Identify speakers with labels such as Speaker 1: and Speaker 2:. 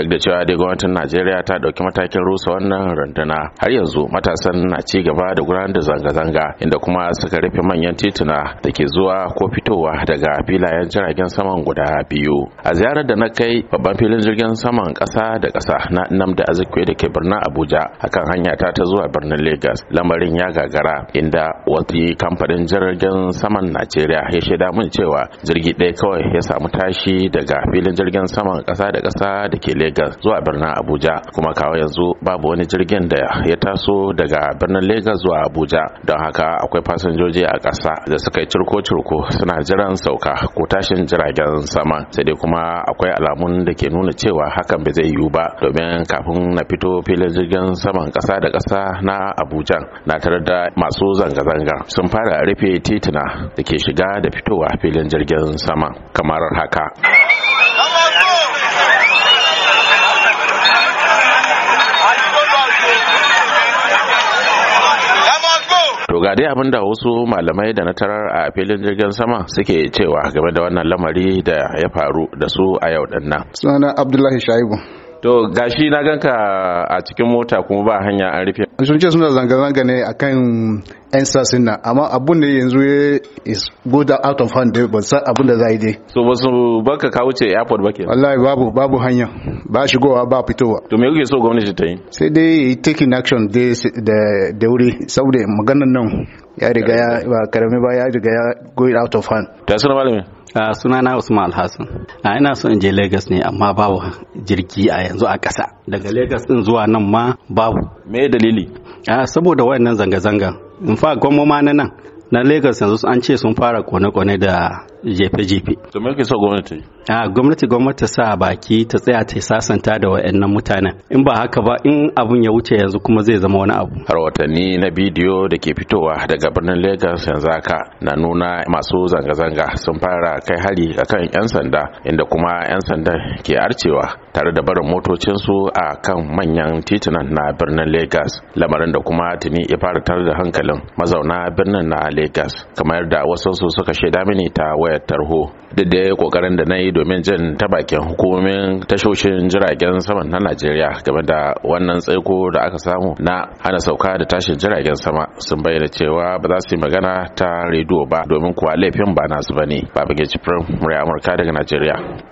Speaker 1: duk da cewa dai gwamnatin najeriya ta ɗauki matakin rusa wannan runduna har yanzu matasan na ci gaba da gudanar da zanga-zanga inda kuma suka rufe manyan tituna da ke zuwa ko fitowa daga filayen jiragen saman guda biyu a ziyarar da na kai babban filin jirgin saman kasa da kasa na nan azikwe da ke birnin abuja akan hanya ta ta zuwa birnin lagos lamarin ya gagara inda wasu kamfanin jirgin saman najeriya ya shaida mun cewa jirgi ɗaya kawai ya samu tashi daga filin jirgin saman kasa da kasa da ke lagos Lagos zuwa birnin Abuja kuma kawo yanzu babu wani jirgin da ya taso daga birnin Lagos zuwa Abuja don haka akwai fasinjoji a ƙasa da suka yi cirko-cirko suna jiran sauka ko tashin jiragen sama sai dai kuma akwai alamun da ke nuna cewa hakan bai zai yiwu ba domin kafin na fito filin jirgin saman ƙasa da ƙasa na Abuja na tare da masu zanga-zanga sun fara rufe titina da ke shiga da fitowa filin jirgin sama kamar haka. to ga dai abin da wasu malamai da na tarar a filin jirgin sama suke cewa game da wannan lamari da ya faru da su a yau dinnan sunana abdullahi shaibu to gashi na ganka a cikin mota kuma ba hanya an rufe sun ce suna zanga-zanga
Speaker 2: ne akan yan sasin nan amma abun ne yanzu ya is go da out of hand eh, ba san abun da za yi dai
Speaker 1: so ba su baka ka wuce airport ba ke
Speaker 2: wallahi babu babu hanya
Speaker 1: ba shigowa ba fitowa to me kuke so gwamnati ta yi
Speaker 2: sai dai taking action da da wuri saboda maganar nan ya riga ya ba karami ba ya riga ya go out of hand
Speaker 1: ta
Speaker 3: malami a suna Usman Alhassan a ina so in je Lagos ne amma babu jirgi a yanzu a kasa daga Lagos din zuwa nan ma babu me dalili a saboda wayannan zanga-zanga in fa gwamnati na nan na Lagos yanzu an ce sun fara kone-kone da
Speaker 1: jefe-jefe. To me so gwamnati
Speaker 3: ta gwamnati gwamnati sa baki ta tsaya ta sasanta da wayannan mutanen. In ba haka ba in abun ya wuce yanzu kuma zai zama wani
Speaker 1: abu. Har watanni na bidiyo da ke fitowa daga birnin Lagos yanzu haka na nuna masu zanga-zanga sun fara kai hari akan 'yan sanda inda kuma 'yan sanda ke arcewa tare da barin motocinsu a kan manyan titunan na birnin Lagos lamarin da kuma tuni ya fara tare da hankalin mazauna birnin na Lagos kamar yadda wasansu suka shaida mini ta waya wayar tarho duk da yayi kokarin da na yi domin jin ta bakin hukumomin tashoshin jiragen sama na najeriya game da wannan tsaiko da aka samu na hana sauka da tashin jiragen sama sun bayyana cewa ba za su yi magana ta rediyo ba domin kuwa laifin ba nasu ba ne babangida jibrin murya amurka daga najeriya